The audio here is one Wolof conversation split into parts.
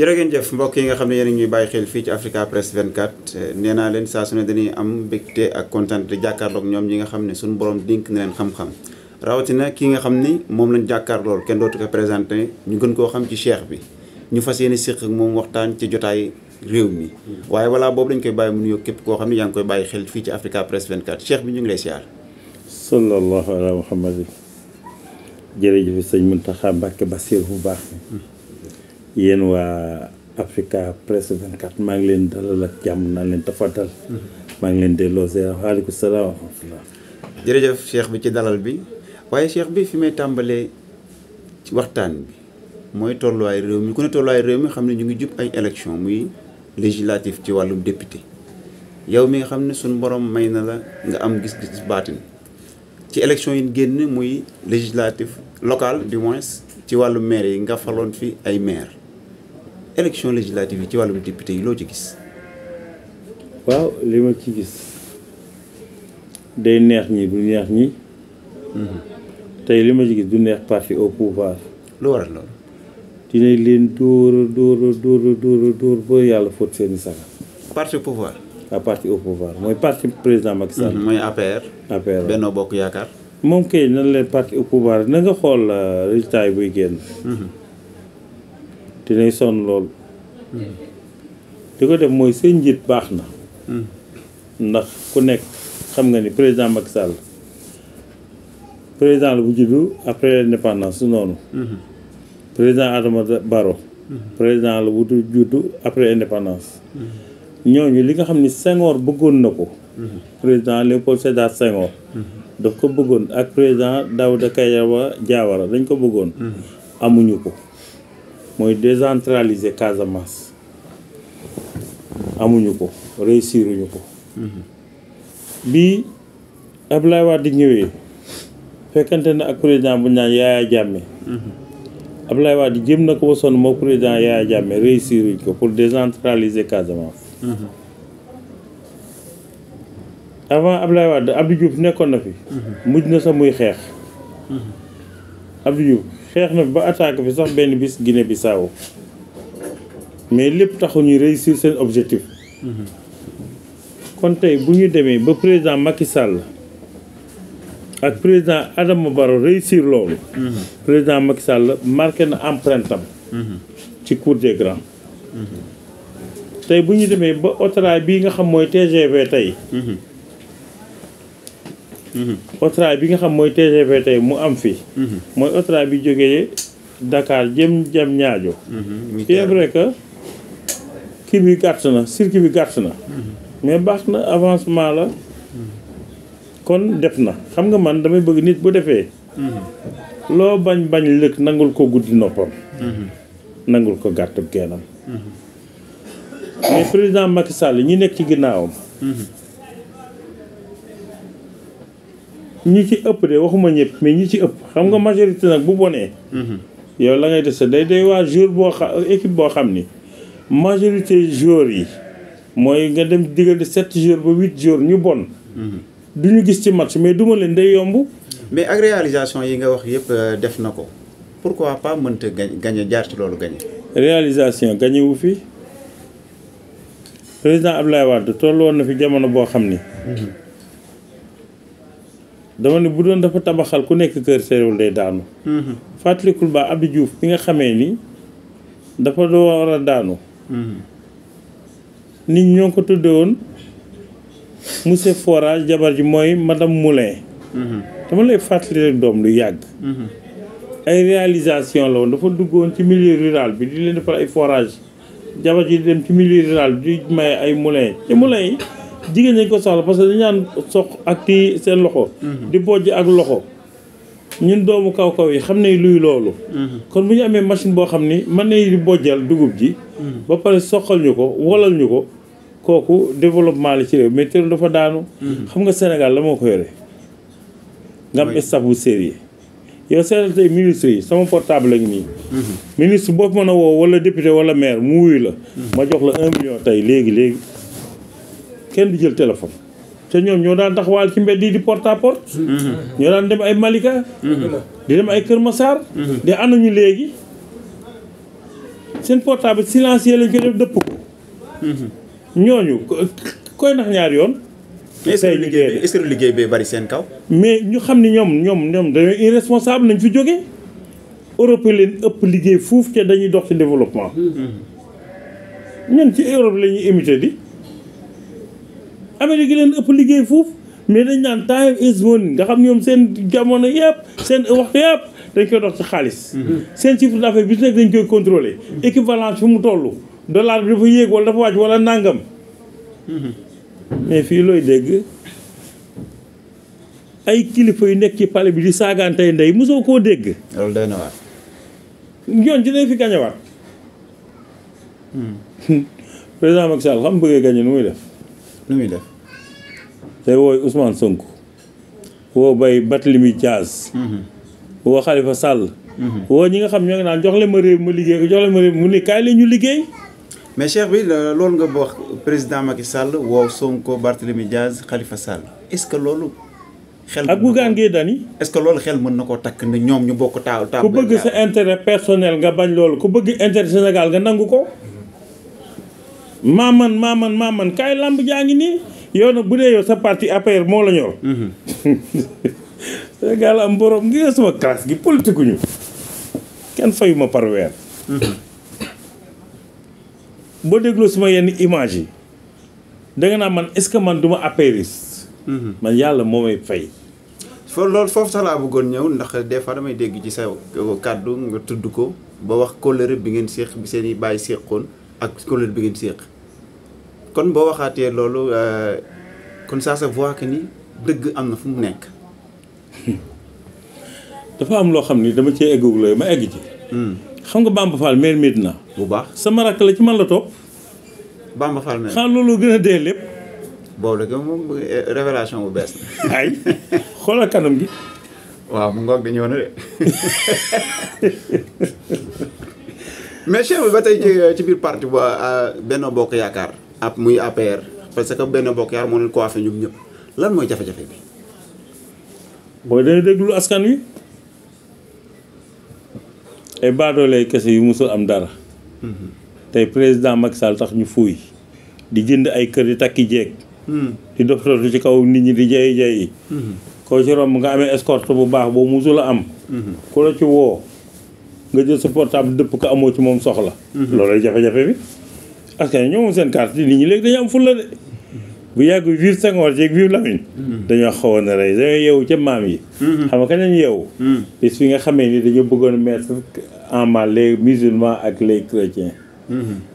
jërë ngeen jëf mbokk yi nga xam ne yéen ñuy bàyyi xel fii ci Africa Press 24 eh, nee naa leen saa su ne dañuy am mbégte ak kontaan di jàkkaarloog ñoom ñi nga xam ne suñu borom dink na leen xam-xam rawatina kii nga xam ni moom lañ jàkkaarlool kenn dootu ko présenté ñu gën koo xam ci cheikh bi ñu fas yéene séq ak moom waxtaan ci jotaay réew mi. Mm-hmm. waaye wala boobu dañ koy bàyyi mu nuyoo képp koo xam ne yaa ngi koy bàyyi xel fii ci Africa Press 24 cheikh bi ñu ngi lay siyaar. sallallahu ala muhammad jërëjëf sëñ Mountakha Mbacké Bassirou bu baax. Mm-hmm. yéen waa Africa Press 24 maa ngi leen dalal ak jàmm naa leen tafatal maa ngi leen mhm. delloo ziar waaleykum salaam wa rahmatulah jërëjëf cheikh bi ci dalal bi waaye cheikh bi fi may tàmbalee ci waxtaan bi mooy tolluwaay réew mi ku ne tolluwaay réew mi xam ne ñu ngi jub ay élection muy législatif ci wàllum député yow mi nga xam ne suñu borom may na la nga am gis-gis baatin ci élection yi génn muy législatif local du moins ci wàllu maire yi nga faloon fi ay mair élection législative ci wàllum député yi loo ci gis. waaw li ma ci gis day neex ñi du neex ñi. Mhm. tey li ma ci gis du neex parti au pouvoir. lu waral lool dinañ leen dóor door door door door a dóor a dóor ba yàlla fóot seen i saga. parti au pouvoir. à parti au pouvoir mooy parti président Macky Sall. Mhm, mooy APR. APR Benno Bokk Yaakaar. moom kay nan leen parti au pouvoir na nga xool euh, résultat yi buy génn. Mhm. dinay sonn loolu. li ko def mooy seen njiit baax na hmm. ndax ku nekk xam nga ni président Macky Sall président la bu juddu après l'indépendance su noonu hmm. président Adama Barrow hmm. président la bu juddu après indépendance ñooñu li nga xam ni Senghor bëggoon na ko président Léopold Sédar Senghor daf ko bëggoon ak président Daouda Kayawa Diawara dañ ko bëggoon amuñu ko mooy décentraliser Casamance amuñu ko réussiruñu ko mhm. bi Abdoulaye di ñëwee fekkante na ak président bu naan Yaya Jammeh mhm. Abdoulaye di jëm na ko ba sonn moo président Yaya Jammeh réussiruñ ko pour décentraliser Casamance mhm. avant Abdoulaye Wade Abdou Diouf nekkoon na fi mujj na sa muy xeex Abdou Diouf xeex na ba attaque bi sax benn bis bi Bissau mais lépp taxu ñu réussir seen objectif kon tey bu ñu demee ba président Macky Sall ak président Adama Barrow réussir loolu président Macky Sall marqué na empreinte am ci cour des grands tey bu ñu demee ba autorail bii nga xam mooy TGV tey Otra bi nga xam mooy TGV tey mu am fi mooy Otra bi jóge Dakar jëm jëm ñaajo. Mhm. c'est vrai que kii bi gàtt na circuit bi gàtt na. mais baax na avancement la. kon def na xam nga man damay bëgg nit bu defee. loo bañ bañ lëkk nangul ko guddi noppam. nangul ko gàtt geenam mhm. mais président Macky Sall ñi nekk ci ginnaawam. Mhm. ñi ci ëpp de waxuma ñëpp mais ñi ci ëpp xam nga majorité nag bu bonee mhm. yow la ngay dese day day waa jour boo xam équipe boo xam ni majorité jour yi mooy nga dem diggante sept jours ba huit jours ñu bon mhm. du ñu gis ci match mais duma leen day yomb mais ak réalisation yi nga wax yëpp euh, def na ko pourquoi pas mënta gagné jaar ci loolu gagné réalisation gagné wu fi président Abdoulaye Wade tollu woon na fi jamono boo xam ni mhm. dama ne bu doon dafa tabaxal ku nekk kër séréwul day daanu fàttalikul ba Abdou Diouf bi nga xamee ni dafa doo war a daanu mhm. nit ñoo ko tuddee woon monsieur forage jabar ji mooy matam Moulin mhm. dama lay fàttali doom lu yàgg mhm. ay réalisation la woon dafa duggoon ci millier rural bi di leen defal ay forage jabar ji di dem ci milieu rural bi di may ay moulin ci moulin yi jigéen ñi ko soxla parce que dañu naan sox ak kii seen loxo. Mhm. di bojj ak loxo. ñun doomu kaw kaw yi xam ne luy loolu. Mhm. kon bu ñu amee machine boo xam ni mën nañu di bojjal dugub ji. Mhm. ba pare soqal ñu ko wolal ñu ko kooku développement la ci réew mais teelul dafa daanu. xam nga Sénégal la moo ko yore. nga am staff bu sérieux yow seetal tey ministre yi sama portable ak nii. ministre boo mën a woo wala député wala maire mu wuyu la. ma jox la un million tey léegi léegi. kenn du jël téléphone te ñoom ñoo daan waal ci mbedd yi di porte à porte mm-hmm. ñoo daan dem ay Malika mm-hmm. di dem ay Kër Massar mm-hmm. de anañu léegi seen portable silencieux lañ ko def dëpp ko ñooñu koy nax ñaar yoon tey liggéey est liggéey bee bari seen kaw mais ñu xam ni ñoom ñoom ñoom dañoo irresponsable nañ fi jógee Europe leen ëpp liggéey fuuf te dañuy dox ci développement ñun ci Europe lañuy ñuy bi Amérique leen ëpp liggéey foofu mais dañ naan time is money nga xam ñoom seen jamono yëpp seen waxtu yëpp dañ koy dox ci xaalis. seen chiffre d'affaires bi nekk dañ koy contrôler équivalence fu mu toll dollar bi dafa yéeg wala dafa wàcc walla nàngam. mais fii looy dégg ay kilifa yu nekk ci pale bi di saagaantey ndey mosoo koo dégg. loolu doy na waar. ñoon ci dañ fi gañewaat. Hmm. président Macky xam bëggee gañe nu muy def. te woy Ousmane Sonko wo bay Batlimi Dias wo Khalifa Sall wo ñi nga xam ñoo ngi naan jox le ma réew mu liggéey jox le ma réew mu ni kay li ñu liggéey mais cheikh bi lool nga bo président Macky Sall wo Sonko Batlimi Dias Khalifa Sall est-ce que loolu xel ak bu gangé dani est-ce que loolu xel mën nako tak ne ñu bokk taaw taaw ku bëgg sa intérêt personnel nga bañ loolu ku bëgg intérêt Sénégal nga nangu ko maman maman lamb jaangi ni yow nag bu dee yow sa parti APR moo la ñor. Mhm. Sénégal am borom ngi nga sama classe gi politique kenn fayuma par weer. Mhm. boo dégloo suma yenn image yi danga naa man est-ce que man duma apériste mhm. man yàlla moo may fay. fo loolu foofu sax laa bëggoon ñëw ndax des fois damay dégg ci sa kàddu nga tudd ko ba wax kóllëre bi ngeen séq bi seen i bàyyi séqoon ak kóllëre bi ngeen séq kon boo waxaatee loolu euh, kon ça se voit que ni dëgg am na fu mu nekk. dafa am loo xam ni dama cee eggagul la ma egg ci. Hmm. xam nga Bamba Fall meer miit na bu baax sama rakk la ci man la topp. Bamba Fall meer xam loolu gën a dee lépp. boobu la moom euh, révélation bu bees na. ay gi. waaw mu ngoog di ñëw na de. mais Cheikh ba tey euh, ci biir parti bu benn Bokk Yaakaar. ap muy APR parce que ben bokk yar monul coiffé ñum ñep lan moy jafé jafé bi. booy day lu askan wi ay lay kessé yu musul am dara. hmm tay président Macky Sall tax ñu fuy di jënd ay kër di takki hmm di dof ci kaw nit ñi di jey jey hmm ko ci rom nga amé escorte bu baax bo musul am hmm ko la ci wo nga jël sa portable depp ko amo ci mom soxla. Mm-hmm. lolay jafé jafé bi. askan ñoom moom seen carte nit ñi léegi dañu am fulla de bu yàgg biir Senghor jeeg biir Lamine mm-hmm. dañoo xawoon a rey dañoo yeewu ca maam yi mm-hmm. xam nga kañ lañ yeewu mm-hmm. bis fi nga xamee ni dañoo bëggoon mettre en mal les musulmans ak les chrétiens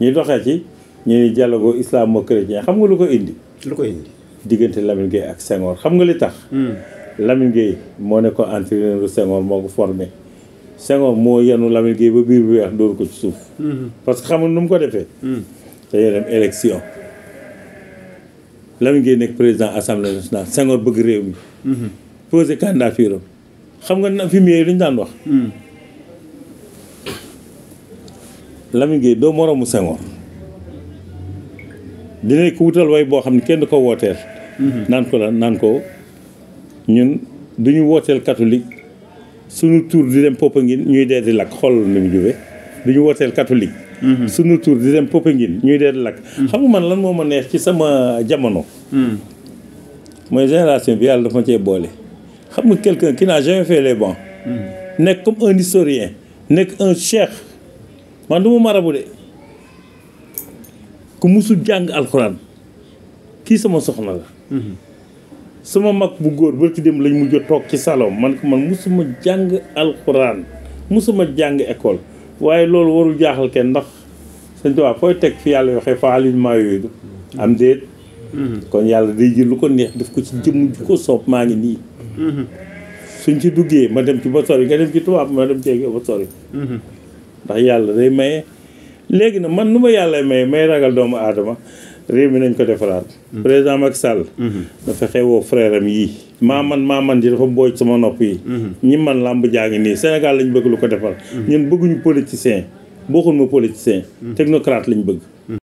ñu doxee ci ñu ni dialogue islamo-chrétien xam nga lu ko indi lu ko indi diggante Lamine Gueye ak Senghor xam nga li tax Lamine Gueye moo ne ko entraîneur Senghor moo ko formé Senghor moo yenu Lamine Gueye ba biir bu weex dóor ko ci suuf parce que xamul nu mu ko defee te yaram élection Lamine Gueye nekk président assemblée nationale Senghor bëgg réew mi. Mhm. posé candidature am xam nga na fi mu yooyu ñu daan wax. Mhm. Lamine Gueye doo moroomu Senghor dinañ ko wutal way boo xam ne kenn du ko wooteel. Mhm. naan ko la naan ko ñun du ñu wooteel catholique suñu tour di dem Popenguine ñuy dee di lakk xool nu mu jubee du ñu wooteel catholique. Mm-hmm. suñu tour di dem Popenguine ñuy dee lakk. Mm-hmm. xam nga man lan moo ma neex ci sama jamono. Mm-hmm. mooy génération bi yàlla dafa ma cee boole. xam nga quelqu'un qui n'a jamais fait les bancs. nekk comme un historien. nekk un cheikh man du ma marabu de ku musul jàng alxuraan kii sama soxna la. sama mag bu góor barki dem lañ mujj a toog ci salon man ko man musuma jàng alxuraan musuma jàng école. waaye loolu warul jaaxal kenn ndax sëñ Tuubaa fooy teg fi yàlla waxee fa alin maa yooyu am déet mhm. kon yàlla day jël lu ko neex def ko ci jëmm ju ko soob maa ngi nii mhm. suñ ci duggee ma dem ci ba sori nga dem ci tubaab ma dem ci ba sori mhm. ndax yàlla day maye léegi nag man nu ma yàlla maye may ragal doomu aadama réew mi nañ ko defaraat. Mm-hmm. président Macky Sall. Mm-hmm. na fexe woo frère am yii. maa man maa man ji dafa booj sama nopp yi. Mm-hmm. ñi man làmb jaa ngi nii Sénégal lañ bëgg lu ko defal ñun bëgguñu politicien bokkul ma politicien. technocrate lañ bëgg.